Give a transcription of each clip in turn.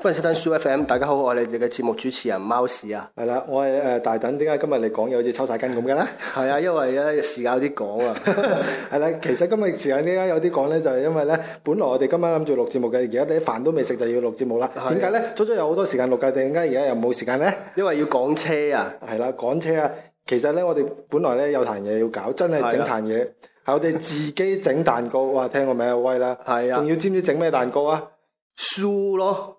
歡迎收聽 Soo FM，大家好，我係你哋嘅節目主持人貓屎啊。係啦，我係誒大等，點解今日嚟講，又好似抽晒筋咁嘅咧？係 啊， 因為咧時間有啲趕啊。係 啦， 其實今日時間點解有啲趕咧，就係因為咧，本來我哋今晚諗住錄節目嘅，而家啲飯都未食，就要錄節目啦。點解咧？早早有好多時間錄噶，突然間而家又冇時間咧？因為要趕車啊。係啦，趕 車啊。其實咧，我哋本來咧有壇嘢要搞，真係整壇嘢。 係 我哋自己整蛋糕，哇！聽過名就威啦，仲的要知唔知整咩蛋糕啊？酥咯，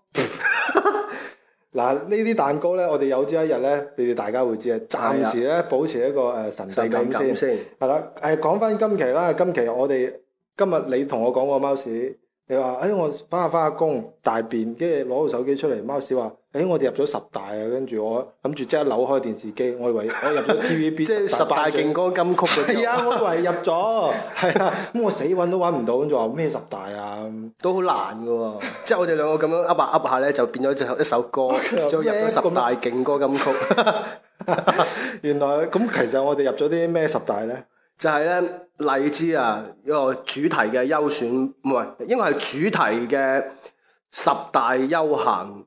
嗱呢啲蛋糕咧，我哋有朝一日咧，你哋大家會知啊。暫時咧，的保持一個誒神秘感先。係啦，誒講翻今期啦，今期我哋今日你同我講個貓屎，你話誒、哎、我翻下翻下工，大便，跟住攞部手機出嚟，貓屎話。誒、哎，我哋入咗十大啊！跟住我諗住即刻扭開電視機，我以為我入咗 TVB 即係十大勁歌 金曲。啲啊，我以為入咗，係咁我死揾都揾唔到，跟住話咩十大啊？都好難嘅喎、哦。即係我哋兩個咁樣噏下噏下咧，就變咗一首一首歌，最後 入咗十大勁歌金曲。 原來咁，其實我哋入咗啲咩十大咧？就係咧，荔枝啊，一個、嗯、主題嘅優選，唔係應該係主題嘅十大休閒。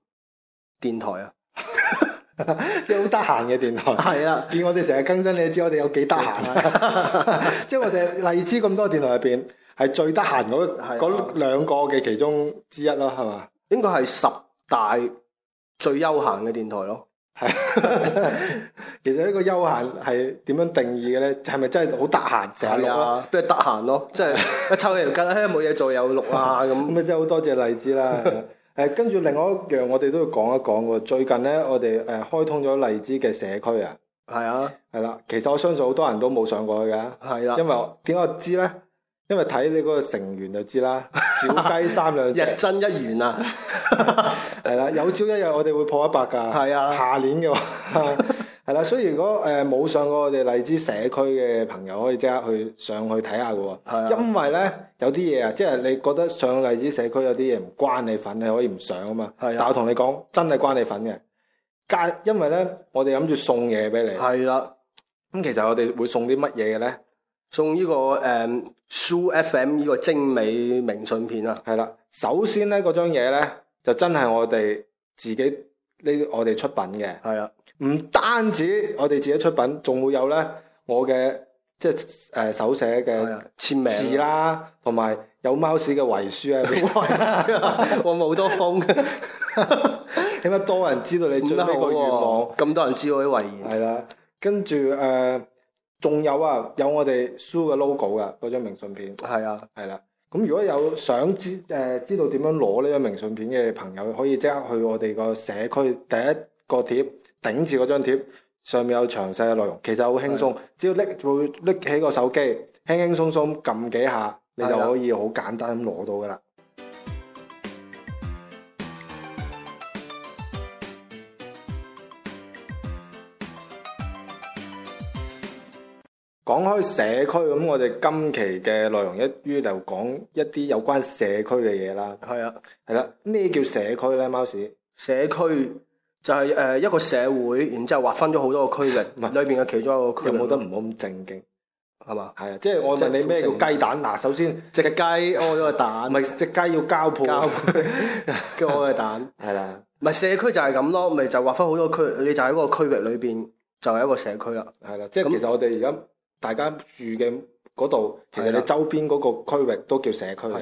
電台啊， 即係好得閒嘅電台，係啊，見我哋成日更新，你知我哋有幾得閒啊。 即係我哋荔枝咁多電台入邊，係最得閒嗰嗰兩個嘅其中之一咯，係嘛？應該係十大最悠閒嘅電台咯。係 其實呢個悠閒係點樣定義嘅咧？係咪真係好得閒整啊？試試都係得閒咯，即係一抽起條筋，冇嘢 做又錄啊，咁咪即係好多謝荔枝啦。 誒，跟住另外一樣，我哋都要講一講喎。最近呢，我哋誒開通咗荔枝嘅社區啊。係啊。係啦，其實我相信好多人都冇上過去㗎。係啦的。因為點解我知呢？因為睇你嗰個成員就知啦。小雞三兩隻 日真一元啊！係 啦，有朝一日我哋會破一百㗎。係啊的。下年嘅話。 係啦，所以如果誒冇，呃、上過我哋荔枝社區嘅朋友，可以即刻去上去睇下嘅喎。的因為咧有啲嘢啊，即係你覺得上荔枝社區有啲嘢唔關你份，你可以唔上啊嘛。的但我同你講，真係關你份嘅。加，因為咧我哋諗住送嘢俾你。係啦。咁其實我哋會送啲乜嘢嘅咧？送呢，這個誒 Soo，嗯，FM 呢個精美明信片啊。係啦。首先咧嗰張嘢咧，就真係我哋自己呢我哋出品嘅。係啊。唔單止我哋自己出品，仲會有咧我嘅即係誒、呃、手寫嘅、哎、簽名字啦，同埋有貓屎嘅遺書啊，我冇多封，起碼、啊、 多人知道你最、啊、最後個願望？咁多人知道我啲遺言。係啦，跟住誒仲有啊，有我哋書嘅 logo 噶嗰張明信片。係啊的，係啦的。咁如果有想知誒、呃、知道點樣攞呢張明信片嘅朋友，可以即刻去我哋個社區第一個貼頂住嗰張貼上面有詳細嘅內容，其實好輕鬆，的只要拎部拎起個手機，輕輕鬆鬆撳幾下，的你就可以好簡單咁攞到噶啦。講開的社區咁，我哋今期嘅內容於一于就講一啲有關社區嘅嘢啦。係啊的，係啦，咩叫社區咧？貓屎社區。就係、是、誒、呃、一個社會，然之後劃分咗好多個區域，裏邊嘅其中一個區域，嗯、有冇得唔好咁正經，係嘛吧？係啊，即係我問你咩性格 叫雞蛋嗱，直首先，隻雞屙咗個蛋，唔係隻雞要交配，交配， 跟住屙個蛋，係啦、嗯，唔係社區就係咁咯，咪就劃分好多區，你就喺一個區域裏邊，就係一個社區啦，係啦吧，即係其實我哋而家大家住嘅。嗰度其實你周邊嗰個區域都叫社區嘅，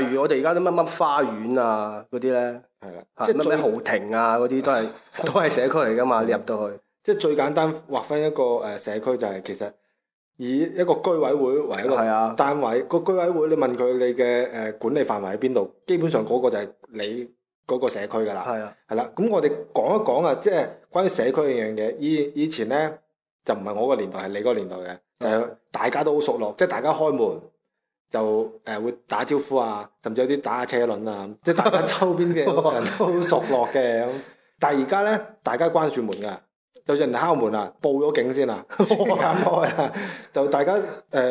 例如我哋而家啲乜乜花園啊嗰啲咧，係啦，即係乜乜豪庭啊嗰啲都係 都係社區嚟噶嘛，你入到去，即係最簡單劃分一個誒社區就係、係、其實以一個居委會為一個單位，的個居委會你問佢你嘅誒管理範圍喺邊度？基本上嗰個就係你嗰個社區噶啦，係啦的，咁我哋講一講啊，即係關於社區呢樣嘢，以以前咧就唔係我個年代，係你個年代嘅。就大家都好熟落，即、就、係、是、大家開門就誒、呃、會打招呼啊，甚至有啲打下車輪啊，即係大家周邊嘅人都好熟落嘅。但係而家呢，大家關住門噶，就算人敲門啊，報咗警先啦，住唔敢開啦。 就大家誒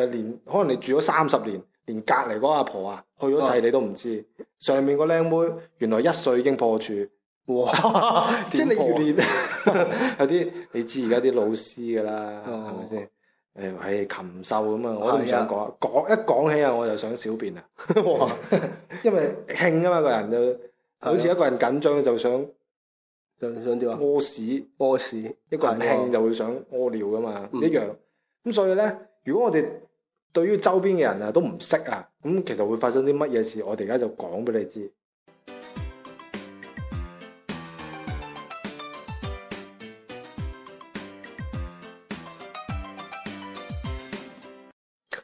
連、呃、可能你住咗三十年，連隔籬嗰阿婆啊去咗世你都唔知，上面個靚妹原來一歲已經破處，哇破即係你要有啲你知而家啲老師噶啦，係咪先？誒係禽獸咁嘛，我都唔想講，講的一講起啊，我就想小便啊！ 因為興啊嘛，個人就好似的一個人緊張，就想想想點啊？屙屎的，屙屎斯，一個人興斯斯就會想屙尿噶嘛，嗯、一樣。咁所以咧，如果我哋對於周邊嘅人啊都唔識啊，咁其實會發生啲乜嘢事？我哋而家就講俾你知。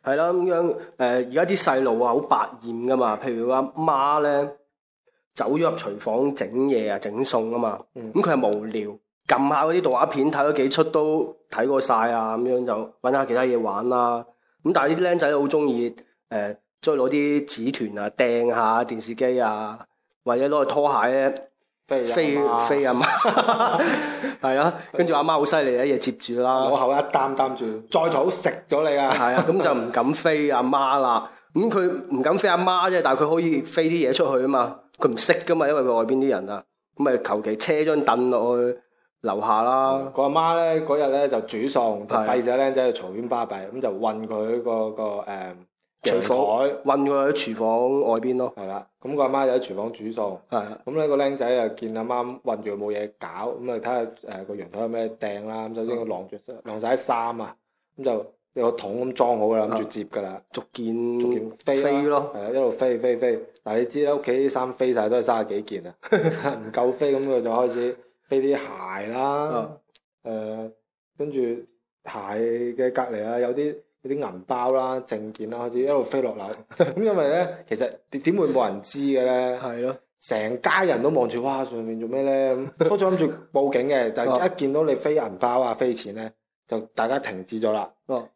係啦咁樣，誒而家啲細路啊，好百厭㗎嘛。譬如話媽咧走咗入廚房整嘢啊，整餸啊嘛。咁佢係無聊，撳下嗰啲動畫片，睇咗幾出都睇過晒啊，咁樣就揾下其他嘢玩啦。咁但係啲僆仔好中意誒，再攞啲紙團啊掟下電視機啊，或者攞個拖鞋咧，飛飛阿媽，媽， 媽，媽，係啊，跟住阿媽好犀利，啲嘢接住啦，我後一擔擔住，再早食咗你啊，係啊，咁就唔敢飛阿媽啦。咁佢唔敢飛阿媽啫，但係佢可以飛啲嘢出去啊嘛。佢唔識噶嘛，因為佢外邊啲人啊，咁咪求其車張凳落去樓下啦、嗯。個阿媽咧嗰日咧就煮餸，費事阿就仔去嘈冤巴閉，咁就暈佢、嗰個、嗰個、嗰個嗰個陽台運佢喺廚房外邊咯，係啦。咁個阿媽就喺廚房煮餸，係咁呢個僆仔又見阿媽運住冇嘢搞，咁咪睇下誒，個陽台有咩掟啦。咁首先個晾住晾曬衫啊，咁就有個桶咁裝好啦，諗住接噶啦，逐件飛咯，係啦，一路飛飛飛。但係你知啦，屋企啲衫飛曬都係三十幾件啊，唔夠飛咁佢就開始飛啲鞋啦，誒，跟住鞋嘅隔籬啊有啲。啲銀包啦、證件啦，開始一路飛落樓。咁因為咧，其實點會冇人知嘅咧？係咯，成家人都望住，哇！上面做咩咧？初初諗住報警嘅，但係一見到你飛銀包啊、飛錢咧，就大家停止咗啦。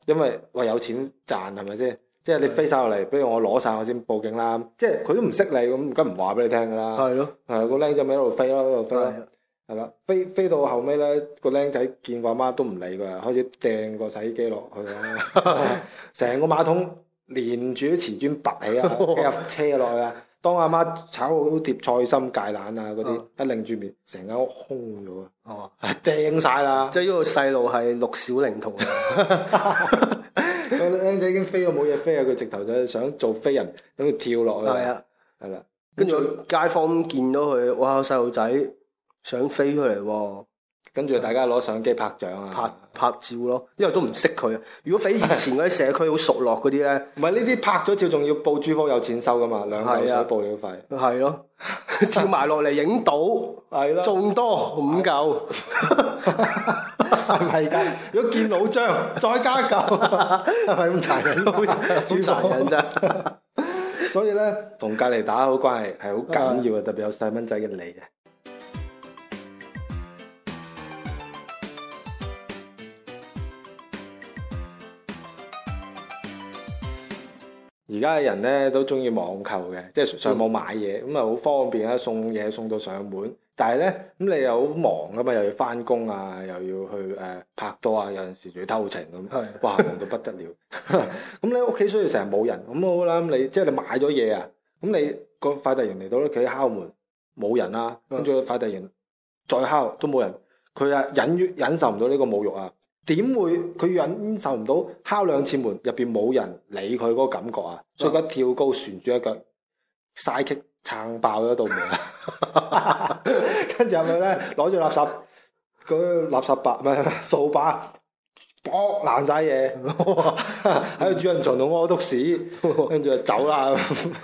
因為話有錢賺係咪先？即係你飛晒落嚟，不如我攞晒我先報警啦。即係佢都唔識你咁，而家唔話俾你聽㗎啦。係咯是的，係、個僆仔咪一路飛咯，一路飛是的 係啦，飛飛到後尾咧，個僆仔見個阿媽都唔理佢，開始掟個洗衣機落去啦，成 個馬桶連住啲瓷磚拔起啊，一車落去啊，當阿媽炒好碟菜心芥蘭啊嗰啲，一擰住面，成間屋空咗啊，掟晒啦！即係呢個細路係六小齡童， 哈哈個僆仔已經飛到冇嘢飛啊，佢直頭就想做飛人，等佢跳落去。係啊的，係啦，跟住 街坊見到佢，哇！細路仔。想飛出嚟喎，跟住大家攞相機拍相啊，拍拍照咯，因為都唔識佢。啊。如果比以前嗰啲社區好熟絡嗰啲咧，唔係呢啲拍咗照仲要報朱科有錢收噶嘛，兩舊水啊，報料費。係咯、啊， 跳埋落嚟影到，係咯，仲多五舊，係咪？ 如果見老張，再加一舊，係咪咁殘忍，好似好殘忍咋？ 所以咧，同隔離打好關係係好緊要啊， 特別有細蚊仔嘅你嘅。 而家嘅人咧都中意網購嘅，即係上網買嘢，咁啊好方便啊，送嘢送到上門。但係咧，咁你又好忙啊嘛，又要返工啊，又要去誒拍拖啊，有陣時仲要偷情咁，哇，忙到不得了。咁你屋企所以成日冇人，咁好啦，你即係你買咗嘢啊，咁你個快遞員嚟到屋企敲門冇人啦、啊，跟住快遞員再敲都冇人，佢啊忍忍受唔到呢個侮辱啊！點會佢忍受唔到敲兩次門，入邊冇人理佢嗰個感覺啊！所以佢一跳高旋住一腳，晒劇撐爆咗道門，跟住係咪咧攞住垃圾嗰垃圾把唔係掃把，剝爛晒嘢喺個主人床度屙督屎，跟住就走啦。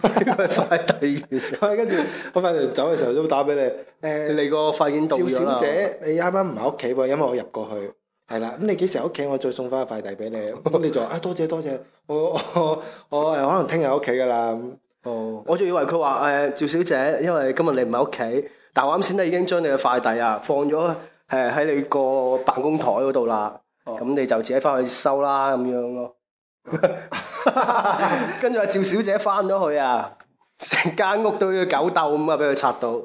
快遞跟住快遞員走嘅時候都打俾、呃、你，誒嚟個快件到咗趙小姐，你啱啱唔喺屋企喎，因為我入過去。係啦，咁你幾時喺屋企？我再送翻個快遞俾你。咁 你就話啊、哎，多謝多謝。我我我誒，可能聽日喺屋企噶啦。哦，我仲以為佢話誒，趙、欸、小姐，因為今日你唔喺屋企，但我啱先咧已經將你嘅快遞啊放咗誒喺你個辦公台嗰度啦。咁、哦、你就自己翻去收啦，咁樣咯。跟住阿趙小姐翻咗去啊，成間屋都要狗竇咁啊，俾佢拆到。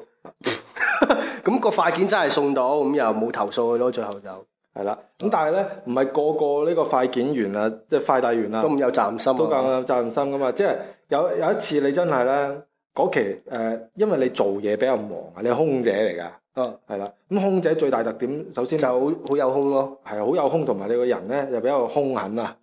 咁個快件真係送到，咁又冇投訴佢咯，最後就。係啦，咁、嗯、但係咧，唔係個個呢個快件員啊，即、就、係、是、快遞員啊，都唔有責任心、啊，都咁有責任心噶、啊、嘛，即、就、係、是、有有一次你真係咧，嗰期誒、呃，因為你做嘢比較忙啊，你係空姐嚟噶。哦，係啦，咁空姐最大特點，首先就好好有空咯，係好有空，同埋你個人咧又比較凶狠啊，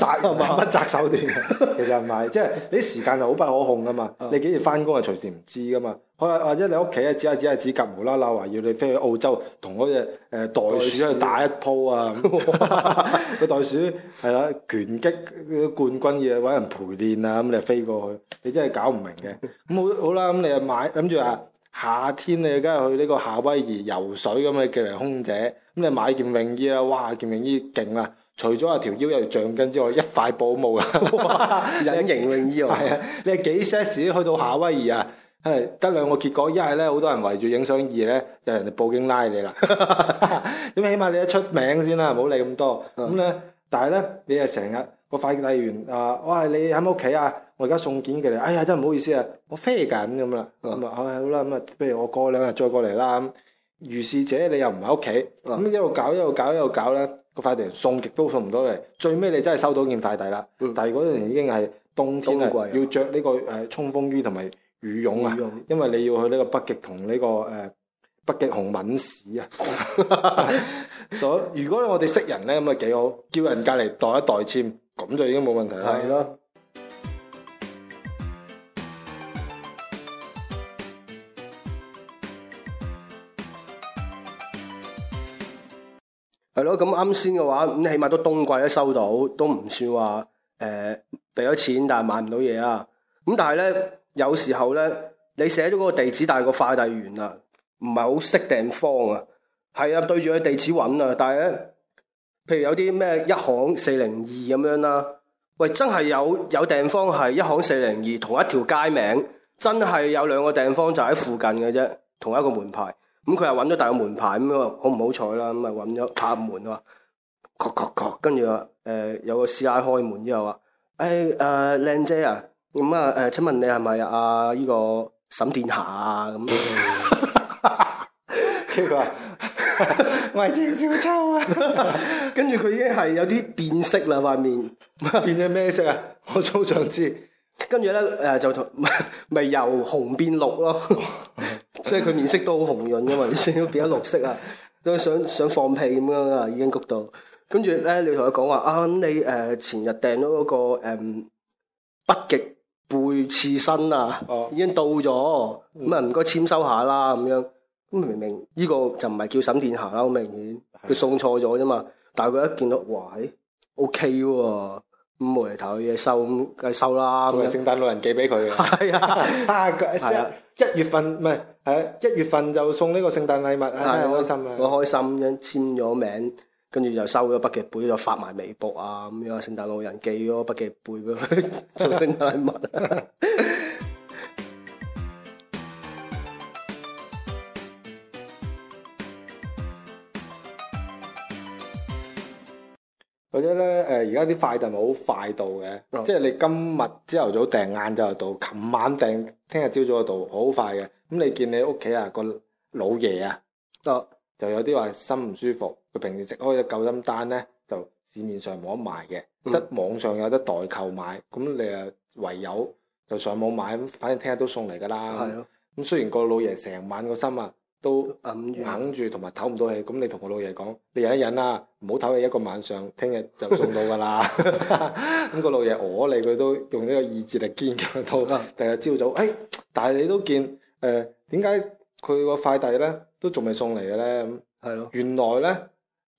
殺啊嘛，不擇手段，其實唔係，即係你時間又好不可控噶嘛，你幾時翻工啊，隨時唔知噶嘛，或或者你屋企咧指下指下指甲，無啦啦話要你飛去澳洲同嗰隻誒袋鼠去打一鋪啊，個袋鼠係啦拳擊冠軍嘅，搵人陪練啊，咁你飛過去，你真係搞唔明嘅，咁好好啦，咁你啊買諗住啊。夏天你梗係去呢個夏威夷遊水咁，你寄嚟空姐咁，你買件泳衣啊，哇，件泳衣勁啊！除咗有條腰有橡筋之外，一塊布毛啊， 隱形泳衣哦、啊，係 啊，你係幾 sexy 去到夏威夷啊？係得兩個結果，一係咧好多人圍住影相，二咧，就人哋報警拉你啦。咁 起碼你一出名先啦，唔好理咁多。咁咧的，嗯、但係咧，你係成日。個快遞員啊，哇！你喺唔屋企啊？我而家送件嚟。哎呀，真係唔好意思啊！我飛緊咁啦，咁啊、嗯嗯，好啦，咁啊，不如我過兩日再過嚟啦。如是者，你又唔喺屋企，咁一路搞，一路搞，一路搞咧，個快遞員送極都送唔到嚟。最尾你真係收到件快遞啦，但係嗰陣已經係冬天啦，嗯、季要着呢個誒衝鋒衣同埋羽絨啊，羽絨，因為你要去呢個北極同呢個誒北極熊敏屎啊。所以如果我哋識人咧，咁啊幾好，叫人隔籬代一代簽。咁就已經冇問題啦。係咯，係咯。咁啱先嘅話，咁你起碼都冬季都收到，都唔算話誒俾咗錢但係買唔到嘢啊。咁但係咧，有時候咧，你寫咗嗰個地址，但係個快遞員啊，唔係好識訂方啊。係啊，對住個地址揾啊，但係咧。譬如有啲咩一行四零二咁樣啦，喂，真係有有訂方係一行四零二，同一條街名，真係有兩個訂方就喺附近嘅啫，同一個門牌。咁佢又揾咗大個門牌咁啊，好唔好彩啦？咁咪揾咗拍門啊，咔咔咔，跟住話誒有個 c 奶開門之後話，誒誒靚姐啊，咁啊誒，請問你係咪阿呢個沈殿霞啊咁？佢話。 為正超醜啊！跟住佢已經係有啲變色啦，塊面變咗咩色啊？我好想知。跟住咧，誒、呃，就同咪由紅變綠咯， 即係佢面色都好紅潤噶嘛，而家 變咗綠色啊，都想想放屁咁樣啊，已經谷到。跟住咧，你同佢講話啊，你誒、呃、前日訂咗嗰個誒、嗯、北極貝刺身啊，已經到咗，咁啊唔該簽收下啦，咁樣。咁明明呢、這個就唔係叫沈殿霞啦，好明顯佢送錯咗啫嘛。的但係佢一見到，喂，OK 喎。咁冇厘頭嘅嘢收，咁梗係收啦。同埋聖誕老人寄俾佢嘅。係啊，一月份唔係係一月份就送呢個聖誕禮物，的真係開心啊！好開心，跟住簽咗名，跟住又收咗筆記本，又發埋微博啊咁樣。聖誕老人寄咗筆記本俾佢做聖誕禮物，真係啊！或者咧，誒而家啲快遞咪好快到嘅，哦、即係你今日朝頭早訂晏就到，琴晚訂，聽日朝早又到，好快嘅。咁你見你屋企啊、個老爺啊，就、哦、就有啲話心唔舒服，佢平時食開啲救心丹咧，就市面上冇得賣嘅，得、嗯、網上有得代購買，咁你啊唯有就上網買，咁反正聽日都送嚟㗎啦。咁是的 雖然個老爺成晚個心啊～都揞住，同埋唞唔到氣。咁、嗯、你同我老爺講，你忍一忍啦，啊，唔好唞，一個晚上，聽日就送到噶啦。咁 個老爺我嚟，佢都用呢個意志力堅強到。第日朝早，誒、哎，但係你都見，誒、呃，點解佢個快遞咧都仲未送嚟嘅咧？咁係咯，原來咧，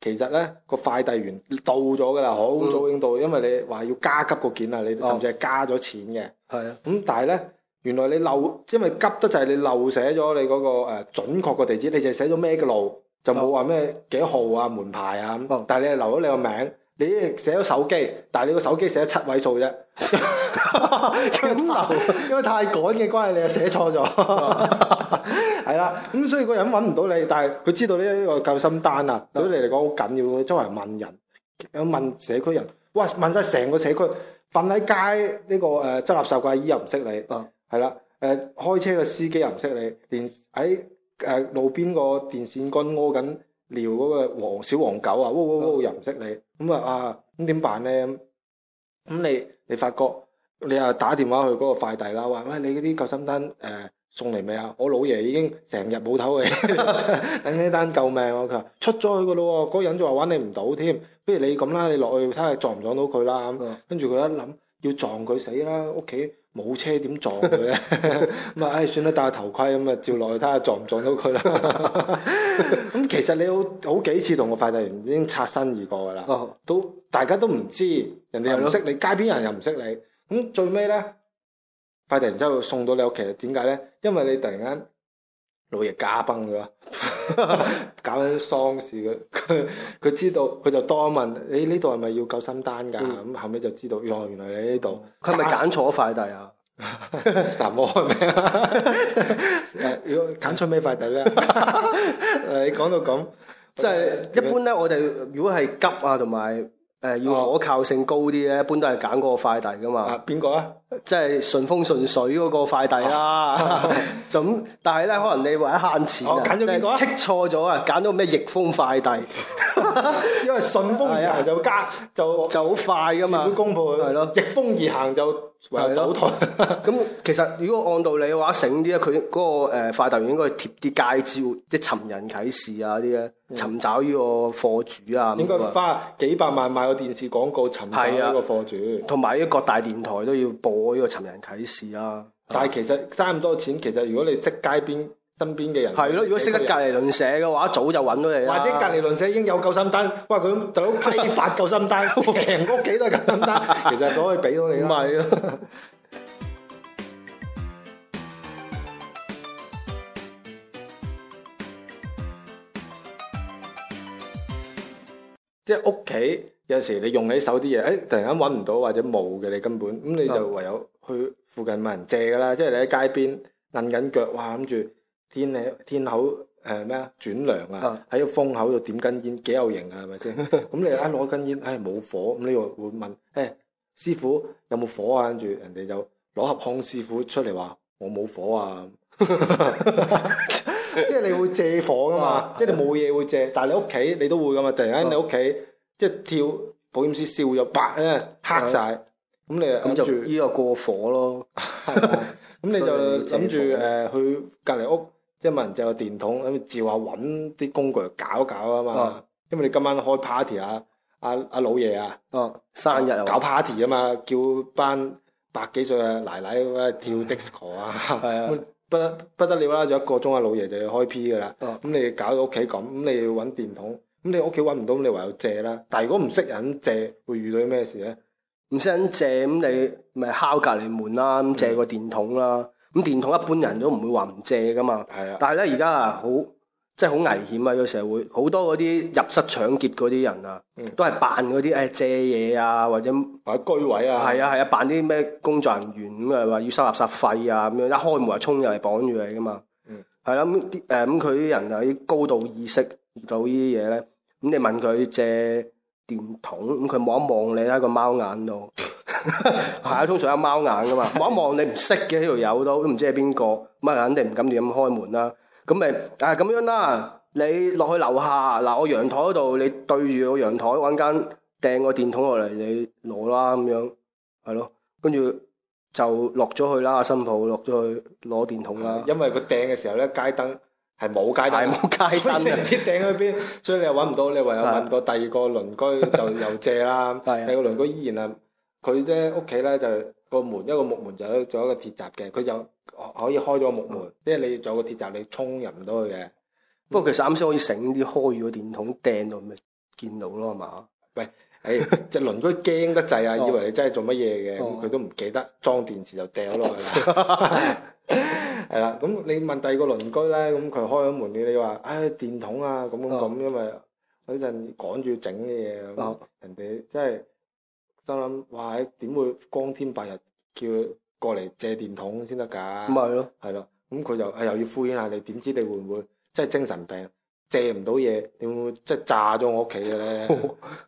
其實咧，個快遞員到咗噶啦，好早已經到，嗯、因為你話要加急個件啊，你甚至係加咗錢嘅。係啊、哦，咁但係咧。原來你漏，因為急得就係你漏寫咗你嗰、那個誒準確個地址，你就寫咗咩嘅路，就冇話咩幾號啊門牌啊，嗯、但係你係留咗你個名，你寫咗手機，但係你個手機寫咗七位數啫，咁 漏，因為太趕嘅關係你又寫錯咗，係 啦， 咁所以個人揾唔到你，但係佢知道呢一個救心單啊，對於你嚟講好緊要，周圍問人，咁問社區人，哇，問晒成個社區，瞓喺街呢、這個誒執垃圾嘅阿姨又唔識你。係啦，誒、呃、開車嘅司機又唔識你，電喺誒、呃、路邊個電線杆屙緊撩嗰個黃小黃狗啊，汪汪汪又唔識你。咁、嗯、啊啊咁點辦咧？咁、嗯、你你發覺你又打電話去嗰個快遞啦，話喂、哎、你嗰啲救生丹誒、呃、送嚟未啊？我老爺已經成日冇唞氣， 等呢單救命我佢話出咗去噶咯喎，嗰人就話玩你唔到添，不如你咁啦，你落去睇下撞唔撞到佢啦，跟住佢一諗要撞佢死啦屋企。冇車點撞佢咧？咁啊，唉，算啦，戴下頭盔咁啊，照落去睇下撞唔撞到佢啦。咁 其實你好好幾次同個快遞員已經擦身而過噶啦，哦、都大家都唔知，人哋又唔識你，的街邊人又唔識你，咁最尾咧，快遞員之後送到你屋企，其實點解咧？因為你突然間。老爺駕崩咗，搞緊喪事嘅。佢，佢知道，佢就多問，你呢度係咪要救生單噶？咁後尾就知道，哦，原來你呢度，佢係咪揀錯快遞啊？但冇開名啊？要揀出咩快遞咧？誒， 講到咁，即係一般咧，我哋如果係急啊，同埋誒要可靠性高啲咧，哦、一般都係揀嗰個快遞噶嘛。啊，邊個啊？即係順風順水嗰個快遞啦，咁但係咧，可能你為咗慳錢，剔錯咗啊，揀到咩逆風快遞？因為順風而行就加就就好快噶嘛，事半功倍係咯。逆風而行就為倒台。咁其實如果按道理嘅話，醒啲咧，佢嗰個誒快遞員應該貼啲街招，即係尋人啟事啊啲咧，尋找呢個貨主啊。應該花幾百萬買個電視廣告，尋找呢個貨主，同埋啲各大電台都要報。我呢個尋人啟事啊！但係其實嘥咁多錢，其實如果你識街邊身邊嘅人，係咯，如果識得隔離鄰舍嘅話，早就揾到你啦。或者隔離鄰舍已經有救心丹，哇！佢 都佢都批發救心丹，平屋企都係救心丹，其實都可以俾到你咪囉 即係屋企。有時你用起手啲嘢，誒突然間揾唔到或者冇嘅，你根本咁你就唯有去附近問人借㗎啦。即係你喺街邊揼緊腳，哇！諗住天天口誒咩啊？轉涼啊，喺個風口度點根煙幾有型啊，係咪先？咁你一攞根煙，唉冇火，咁你會會問誒師傅有冇火啊？跟住人哋就攞盒康師傅出嚟，話我冇火啊，即係你會借火㗎嘛？即係你冇嘢會借，但係你屋企你都會㗎嘛？突然間你屋企。即係跳保險絲燒咗，白咧黑晒。咁你諗住呢個過火咯？咁你就諗住誒去隔離屋，即係問人借個電筒咁照下揾啲工具嚟搞搞啊嘛。因為你今晚開 party 啊，阿阿老爺啊，生日搞 party 啊嘛，叫班百幾歲嘅奶奶咁去跳 disco 啊，不不得了啦！就一個鐘阿老爺就要開 P 噶啦，咁你搞到屋企咁，咁你要揾電筒。咁你屋企搵唔到，你唯有借啦。但係如果唔識人借，會遇到啲咩事咧？唔識人借，咁你咪敲隔籬門啦，咁借個電筒啦。咁電筒一般人都唔會話唔借噶嘛。係啊。但係咧，而家啊，好即係好危險啊！個社會好多嗰啲入室搶劫嗰啲人啊，都係扮嗰啲誒借嘢啊，或者或者居委啊，係啊係啊，扮啲咩工作人員咁啊，話要收垃圾費啊咁樣，一開門就衝入嚟綁住你噶嘛。嗯。係啦，咁啲誒，咁佢啲人就啲高度意識到呢啲嘢咧，咁你問佢借電筒，咁佢望一望你喺個貓眼度，係、 這個、啊，通常有貓眼噶嘛，望一望你唔識嘅，呢條友都都唔知係邊個，咁啊肯定唔敢亂咁開門啦。咁咪啊咁樣啦，你落去樓下嗱，我陽台嗰度，你對住我陽台揾間掟個電筒落嚟，你攞啦咁樣，係咯，跟住就落咗去啦，新抱落咗去攞電筒啦，因為佢掟嘅時候咧街燈。係冇街燈，冇 街燈啊！所以唔知掟去邊，所以你又揾唔到。你唯有問個第二個鄰居就，就又借啦。第二個鄰居依然啊，佢咧屋企咧就個門,一個,門就一,個一個木門，就、嗯、做一個鐵閘嘅。佢就可以開咗木門，即係你做個鐵閘，你衝入唔到去嘅。不過其實啱先可以醒啲開咗個電筒掟到咪見到咯，係嘛？喂！哎，只、那、鄰、個、居驚得滯啊！以為你真係做乜嘢嘅？佢、oh. oh. 都唔記得裝電池就掉落去啦。係啦，咁 你問第二個鄰居咧，咁佢開咗門，你你話，唉、哎，電筒啊，咁咁、oh. 因為嗰陣趕住整嘅嘢，人哋真係心諗，哇，點會光天白日叫佢過嚟借電筒先得㗎？咁咪咯，係啦，咁佢就又要敷衍下你，點知你會唔會真係精神病？借唔到嘢，點會即係炸咗我屋企嘅咧？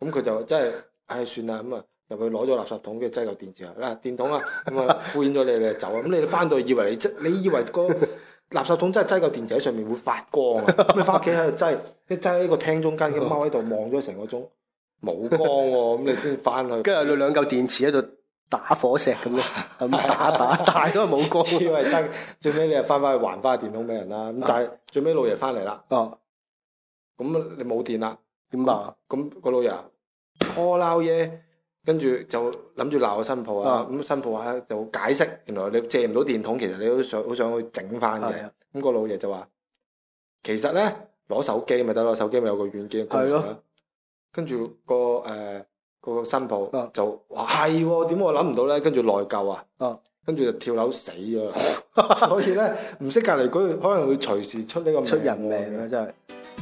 咁佢就真係，唉算啦咁啊，入去攞咗垃圾桶跟住擠舊電池啊！嗱，電筒啊，咁啊敷衍咗你哋就走啊！咁你翻到以為你即你以為個垃圾桶真係擠舊電池喺上面會發光啊？咁你翻屋企喺度擠，你擠喺個廳中間嘅貓喺度望咗成個鐘，冇光喎！咁你先翻去，跟住你兩舊電池喺度打火石咁咯，咁打打都係冇光。以為真，最尾你又翻返去還翻個電筒俾人啦。咁但係最尾老爺翻嚟啦。咁、嗯、你冇電啦，點辦樣？咁個老爺拖撈嘢，跟住就諗住鬧個新抱啊。咁新抱啊就解釋，原來你借唔到電筒，其實你都想好想去整翻嘅。咁個、嗯、老爺就話，其實咧攞手機咪得咯，手機咪有個軟件。係咯的、那個呃。跟住個誒個新抱就話係，點我諗唔到咧？跟住內疚啊，嗯、跟住就跳樓死咗。 所以咧，唔識隔籬嗰，可能會隨時出呢個出人命啊！真係。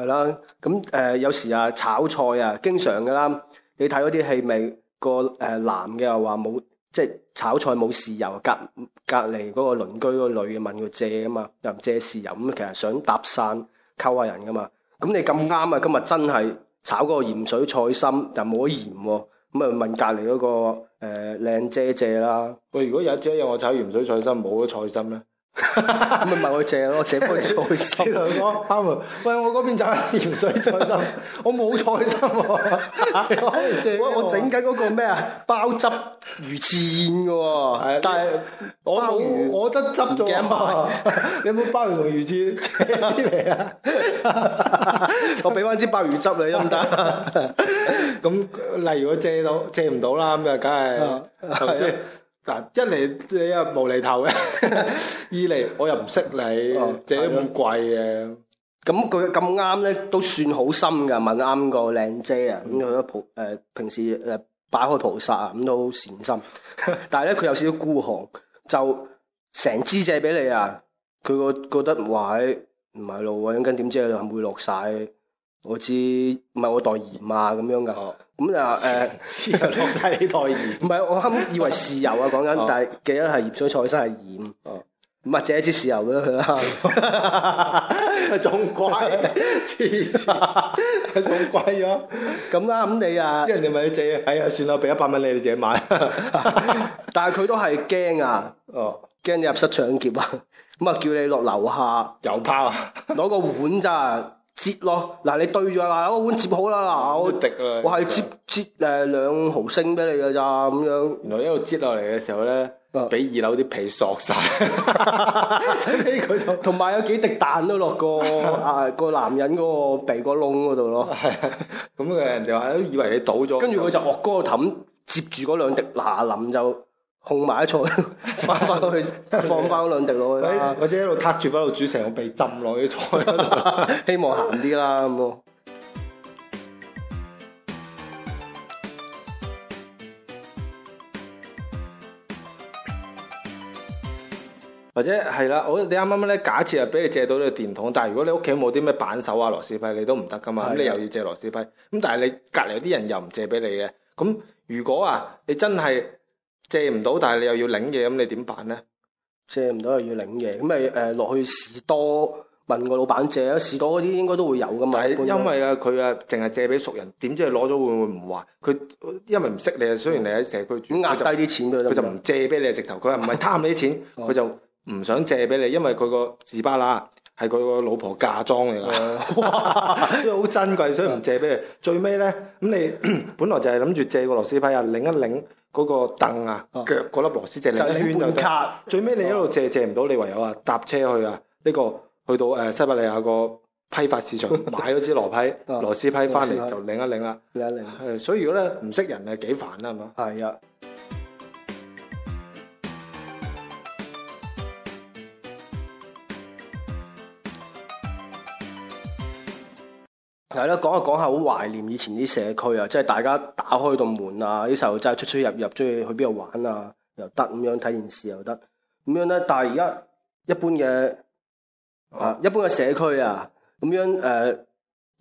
係啦，咁誒、呃、有時啊炒菜啊經常噶啦，你睇嗰啲戲咪個誒、呃、男嘅又話冇，即係炒菜冇豉油，隔隔離嗰個鄰居個女嘅問佢借啊嘛，又唔借豉油咁，其實想搭訕溝下人噶嘛，咁你咁啱啊今日真係炒嗰個鹽水菜心又冇咗鹽喎、啊，咁啊問隔離嗰、那個誒靚、呃、姐借啦。喂，如果有姐有我炒鹽水菜心冇咗菜心咧？咪 問 我借咯 個，借杯菜心咯。啱啊！喂，我嗰邊就係鹽水菜心，我冇菜心。喂 我整緊嗰個咩啊？鮑汁魚翅宴嘅喎，但 係 我冇，我得汁咗，有冇鮑魚同魚翅借啲嚟啊？我俾翻支鮑魚汁你得唔得？咁例 如我借到借唔到啦，咁就梗係頭先。嗱，一嚟你又無厘頭嘅，二嚟我又唔識你，借得好 貴嘅，咁佢咁啱咧都算好心噶，問啱個靚姐啊，咁佢都菩誒平時誒擺、呃、開菩薩啊，咁都好善心，但係咧佢有少少孤寒，就成支借俾你啊，佢個覺得唔係唔係路揾緊，點、哎、知佢會落晒。我知，唔係我代言啊咁樣噶，咁、哦、就誒，豉、呃、油落晒你代言。唔係 我啱以為豉油啊講緊，但係記得係葉水菜身係鹽，哦，唔係借一支豉油俾佢啦，仲貴 乖，黐晒！佢仲貴咗，咁啦 了，咁、啊嗯、你啊，即係你咪借，哎呀，算啦，俾一百蚊你你自己買， 但係佢都係驚啊，哦，驚你入室搶劫啊，咁 啊叫你落樓下，又拋，攞個碗咋？ 接落嗱，你對住嗱，我碗接好啦嗱，滴啊、我係接接誒兩毫升俾你嘅咋咁樣。原來一路接落嚟嘅時候咧，俾、啊、二樓啲皮索晒，睇起佢就同埋有幾滴蛋都落個啊個男人嗰個鼻個窿嗰度咯。咁誒、啊，人哋話都以為你倒咗。跟住佢就惡哥個氹接住嗰兩滴嗱諗就。控埋啲菜，翻翻去 放翻兩 滴落去，或者一路撻住，喺度煮成個鼻浸落去。菜，希望咸啲啦咁或者係啦，我你啱啱咧假設係俾你借到啲電筒，但係如果你屋企冇啲咩扳手啊螺絲批，你都唔得噶嘛。咁是的 你又要借螺絲批，咁但係你隔籬啲人又唔借俾你嘅。咁如果啊，你真係～借唔到，但係你又要領嘢，咁你點辦咧？借唔到又要領嘢，咁咪誒落去士多問個老闆借啊！士多嗰啲應該都會有噶嘛。但係因為啊，佢啊，淨係借俾熟人，點知攞咗會唔還？佢因為唔識你啊，雖然你喺社區住。壓低啲錢佢就唔借俾你直頭，佢又唔係貪你啲錢？佢、嗯、就唔想借俾你，因為佢個士巴拿係佢個老婆嫁妝嚟噶，嗯、 所以好珍貴，所以唔借俾你。 最尾咧，咁你本來就係諗住借個螺絲批啊，領一領。嗰個凳啊，腳嗰粒螺絲借嚟一圈就卡，最尾你一路借借唔到，你唯有啊搭車去啊呢個去到誒西伯利亞個批發市場買咗支螺批、螺絲批翻嚟，就擰一擰啦，擰一擰。係，所以如果咧唔識人係幾煩啊，係嘛？係啊。係啦，講下講下，好懷念以前啲社區啊！即係大家打開度門啊，啲細路仔出出入入，中意去邊度玩啊，又得咁樣睇電視又得咁樣咧。但係而家一般嘅，嗯、啊，一般嘅社區啊，咁樣誒，而、呃、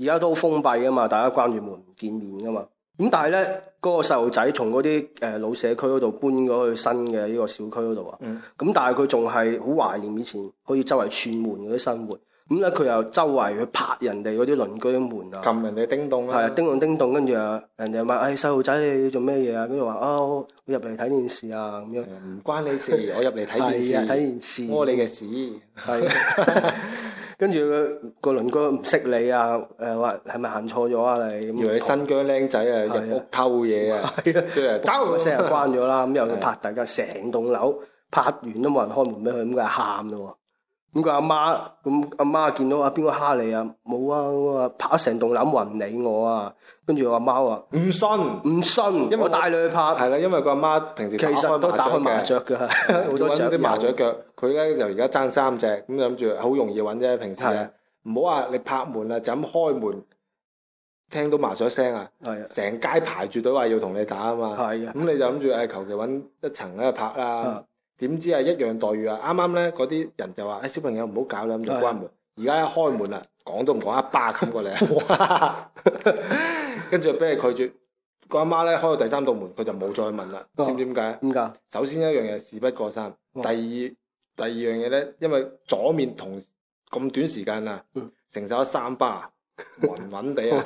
家都好封閉噶嘛，大家關住門唔見面噶嘛。咁但係咧，嗰、嗰個細路仔從嗰啲誒老社區嗰度搬咗去新嘅呢個小區嗰度啊。咁、嗯、但係佢仲係好懷念以前可以周圍串門嗰啲生活。咁咧佢又周圍去拍人哋嗰啲鄰居門啊，撳人哋叮咚啦，係叮咚叮咚，跟住啊人哋又問：誒細路仔你做咩嘢啊？跟住話：哦，入嚟睇電視啊，咁樣。唔關你事，我入嚟睇電視，睇電視，屙你嘅事。係。跟住個鄰居唔識你啊，誒話係咪行錯咗啊？你，原來新疆僆仔啊，又偷嘢啊，係啊，走，成日關咗啦，咁又拍大家成棟樓，拍完都冇人開門俾佢，咁佢就喊咯。咁個阿媽，咁阿媽見到啊邊個蝦你啊，冇啊，我話拍成棟樓，冇人理我啊。跟住個阿媽話唔信，唔信，因為我帶你去拍。係啦，因為個阿媽平時其實打開麻雀嘅，揾啲麻雀腳，佢咧就而家爭三隻，咁諗住好容易揾啫。平時啊，唔好話你拍門啦，就咁開門，聽到麻雀聲啊，成的街排住隊話要同你打啊嘛。係啊的，咁的你就諗住誒，求其揾一層喺度拍啦。點知係一樣待遇啊！啱啱咧嗰啲人就話，誒小朋友唔好搞啦，咁就關門。而家一開門啦，講都唔講一巴冚過嚟，跟住俾佢拒絕。個阿媽咧開到第三道門，佢就冇再問啦。知唔知點解？點解。首先一樣嘢事不過三，第二第二樣嘢咧，因為左面同咁短時間啊，承受咗三巴，暈暈地啊，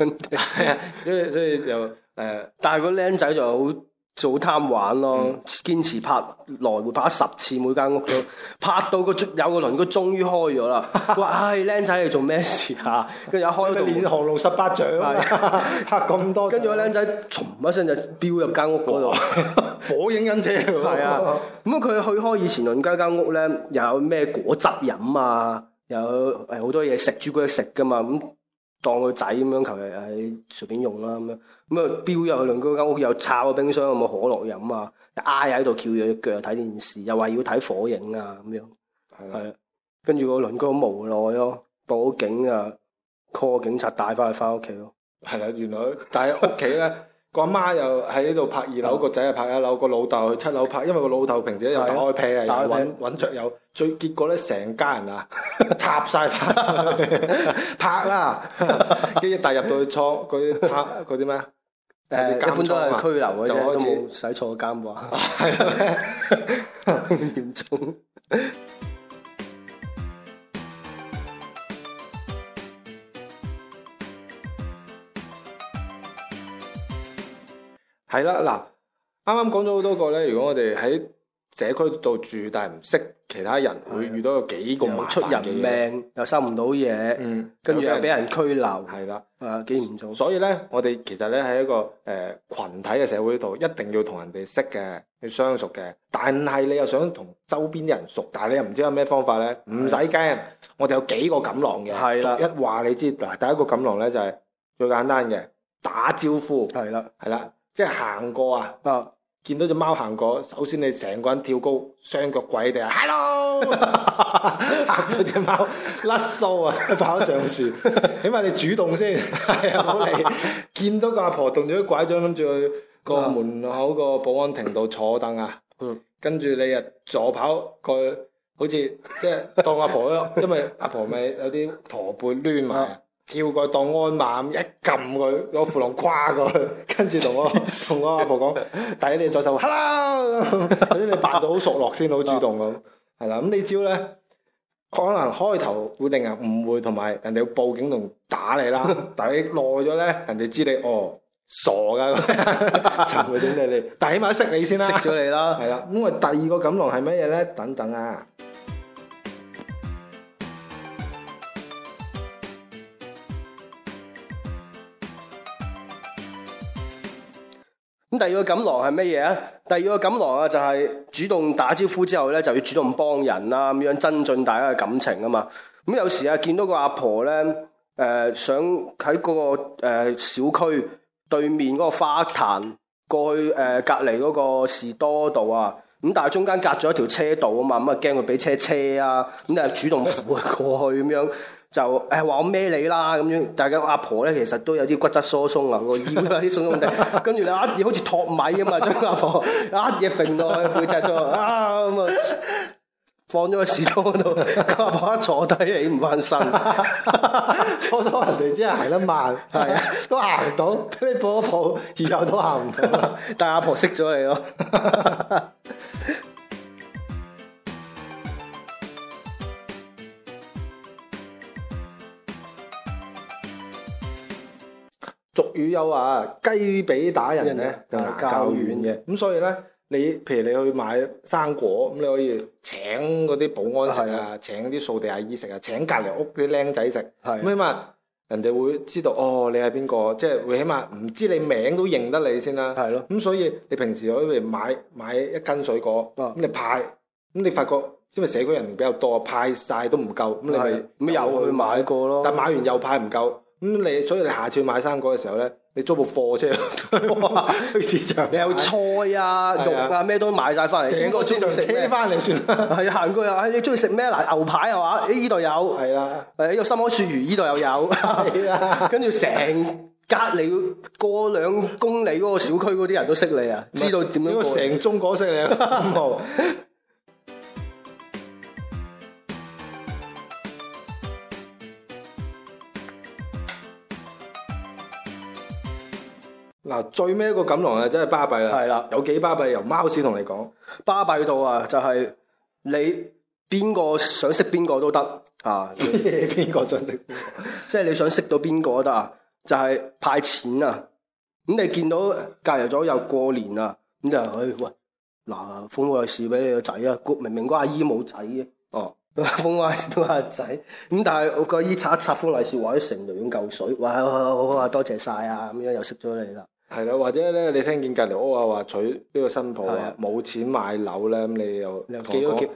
所以所以就，誒。但係個僆仔就好。好貪玩咯，堅持拍來回拍十次，每間屋都拍到，個有個鄰居，佢終於開咗啦。哇，唉、哎，靚仔你做咩事吓，啊？跟住又開到面，行 路十八掌，啊、 拍咁多，跟住個靚仔，咻一聲就飆入間屋嗰度，火影忍者係啊。咁佢 好、嗯、去開以前鄰家間屋咧，有咩果汁飲啊，有誒好多嘢食，朱古力食噶嘛咁。嗯當個仔咁樣，求其喺隨便用啦咁樣。咁啊，標入去鄰居間屋又抄個冰箱，有冇可樂飲啊？就挨喺度翹住隻腳睇電視，又話要睇火影啊咁樣。係啊，跟住個鄰居好無奈咯，報警啊，call 警察帶翻去翻屋企咯。係啦了，原來但係屋企咧。 個阿媽又喺呢度拍二樓，個仔又拍一樓，個老豆去七樓拍，因為個老豆平時又打 p a 啊，又揾揾雀友，最結果咧成家人啊塌晒拍，拍啦，一一帶入到去坐嗰啲啲咩？誒，一般都係拘留就只，都冇使坐監啩？係啊，嚴重。係啦，嗱，啱啱講咗好多個咧。如果我哋喺社區度住，但係唔識其他人，會遇到有幾個出人命，又收唔到嘢，跟住、嗯、又俾人拘留，係啦的，誒，幾嚴重。所以咧，我哋其實咧喺一個誒羣體嘅社會度，一定要同人哋識嘅，要相熟嘅。但係你又想同周邊啲人熟，但係你又唔知有咩方法咧，唔使驚，我哋有幾個錦囊嘅。係啦的，一話你知嗱，第一個錦囊咧就係、是、最簡單嘅打招呼。係啦的，係啦的。即係行過啊，見到隻貓行過，首先你成個人跳高，雙腳跪地啊，hello，隻貓 甩數啊，跑上樹，起碼你主動先，係啊，好嚟，見到個阿婆動咗啲拐杖，諗住去過門口個保安亭度坐凳啊，嗯，跟住你啊助跑過去，好似即係當阿婆咯，因為阿婆咪有啲駝背攣埋。 叫個檔安板一撳佢，個扶龍跨過去，跟住同我同我阿婆講：第一 你左手，Hello，等 你扮到好熟絡先，好主動咁，係啦。 咁呢招咧，可能開頭會令人誤會，同埋人哋要報警同打你啦。但係你耐咗咧，人哋知你哦，傻噶、啊，查佢點你你。 但係起碼識你先啦，識咗你啦，係啦。咁我第二個錦囊係乜嘢咧？等等啊！咁第二個錦囊係乜嘢啊？第二個錦囊啊，就係主動打招呼之後咧，就要主動幫人啦、啊，咁樣增進大家嘅感情啊嘛。咁、嗯、有時啊，見到個阿婆咧，誒、呃、想喺、個誒、呃、小區對面嗰個花壇過去誒、呃、隔離嗰個士多度啊，咁但係中間隔咗一條車道啊嘛，咁啊驚佢俾車車啊，咁就主動扶佢過去咁樣。就誒話我孭你啦咁樣，大家阿婆咧其實都有啲骨質疏鬆，鬆，鬆啊，個腰有啲鬆鬆哋，跟住你一好似托米咁啊，將阿婆一嘢揈落去背脊度，啊咁啊放咗個士多嗰度，阿婆一坐低起唔翻身，坐到人哋真係行得慢，係啊都行唔到，俾你抱一抱，以後都行唔到，但阿婆識咗你咯。 俗語有話雞髀打人咧就係較遠嘅，咁所以咧你譬如你去買生果，咁你可以請嗰啲保安食啊，請啲掃地阿姨食啊，請隔籬屋啲僆仔食，咁起碼人哋會知道哦，你係邊個，即係會起碼唔知你名都認得你先啦。係咯，咁所以你平時去可以買買一斤水果，咁你派，咁你發覺，因為社區人比較多，派晒都唔夠，咁你咪又去買過咯，但係買完又派唔夠。咁你，所以你下次去買生果嘅時候咧，你租部貨車去市場，你有菜啊、肉啊，咩都買晒翻嚟，成個市場車翻嚟算。係啊，行過又啊，你中意食咩？嗱，牛排係嘛？呢度有。係啊。誒，呢個深海雪魚，呢度又有。係啊。跟住成隔離過兩公里嗰個小區嗰啲人都識你啊，知道點樣過。成個中國都識你。冇。啊！最尾一個錦囊啊，真係巴閉啦！係啦，有幾巴閉？由貓屎同你講，巴閉到啊，就係你邊個想識邊個都得啊！邊個想識？即係你想識到邊個都得啊！就係派錢啊！咁你見到隔離咗又過年啊！咁就誒喂，嗱，封利是俾你個仔啊！明明個阿姨冇仔嘅，哦，封個仔。咁但係個阿姨拆一拆封利是，話咗成兩嚿水。哇！好啊，多謝晒啊！咁樣又識咗你啦～係啦，或者咧，你聽見隔離屋啊，話娶呢個新抱啊，冇錢買樓咧，咁你又？又幾多錢？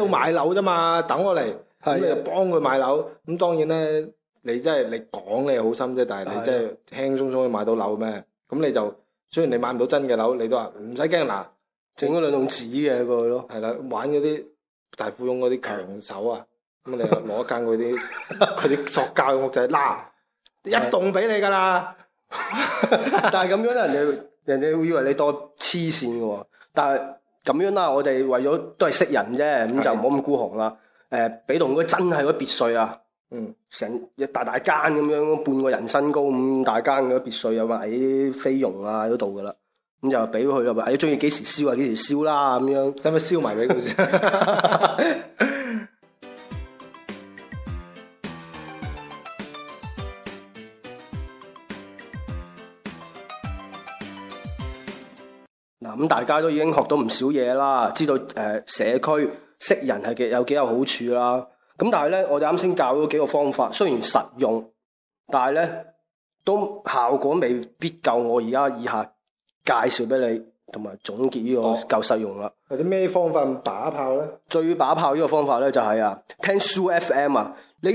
扯，買樓啫嘛，等我嚟，咁你就幫佢買樓。咁當然咧，你真係你講你好心啫，但係你真係輕鬆鬆可以買到樓咩？咁你就雖然你買唔到真嘅樓，你都話唔使驚嗱，整咗兩棟紙嘅過去咯。係啦，玩嗰啲大富翁嗰啲強手啊，咁你攞一間嗰啲佢啲塑膠嘅屋仔，嗱一棟俾你㗎啦。 但係咁樣咧，人哋人哋會以為你多黐線嘅。但係咁樣啦，我哋為咗都係識人啫，咁是的 就唔好咁孤寒啦。誒、呃，俾到嗰真係嗰啲別墅啊，嗯，成大大間咁樣，半個人身高咁大間嘅別墅又喺菲傭啊嗰度噶啦。咁就俾佢啦，話你中意幾時燒啊？幾時燒啦、啊？咁、啊、樣，使唔使燒埋俾佢先？ 咁大家都已經學到唔少嘢啦，知道誒、呃、社區識人係幾有幾有好處啦。咁但係咧，我哋啱先教咗幾個方法，雖然實用，但係咧都效果未必夠。我而家以下介紹俾你，同埋總結呢個夠實用啦。有啲咩方法打炮咧？最打炮呢炮個方法咧就係、是、啊，聽 SooFM 啊。你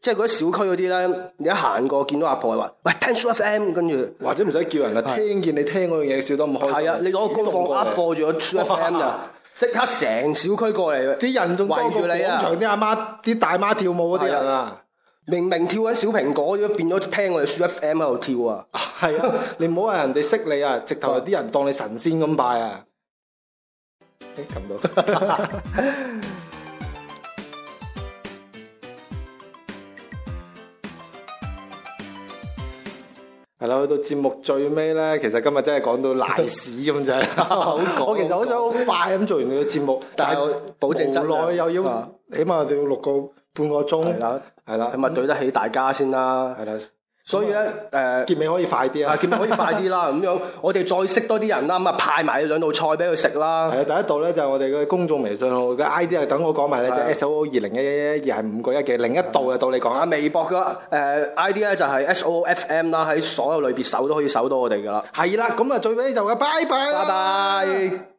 即係嗰啲小區嗰啲咧，你一行過見到阿婆，話喂，聽蘇 FM，跟住或者唔使叫人啊，的聽見你聽嗰樣嘢，笑得唔開心。係啊，你攞個公放阿播住、哦、個蘇 FM 啊，即刻成小區過嚟，啲人仲圍住你啊！廣、啊、場啲阿媽、啲大媽跳舞嗰啲人啊，明明跳緊小蘋果，變咗聽我哋蘇 FM 喺度跳啊！係啊，你唔好話人哋識你啊，直頭啲人當你神仙咁拜啊！識到。係啦，去到節目最尾咧，其實今日真係講到瀨屎咁滯。我其實好想好快咁做完個節目，但係保證又要，起碼要錄個半個鐘。係啦，係啦，起碼對得起大家先啦。係啦。所以呢，誒結尾可以快啲啊！結尾可以快啲啦，咁樣我哋再識多啲人啦，咁啊派埋兩道菜俾佢食啦。係啊，第一道咧就係我哋嘅公眾微信號嘅 ID，就等我講埋咧，就 S O O 二零一一一二係五個一嘅。另一道就到你講啦。微博嘅誒 ID 咧就係 S O O F M 啦，喺所有裏面搜都可以搜到我哋噶啦。係啦，咁啊最尾就嘅，拜拜。拜。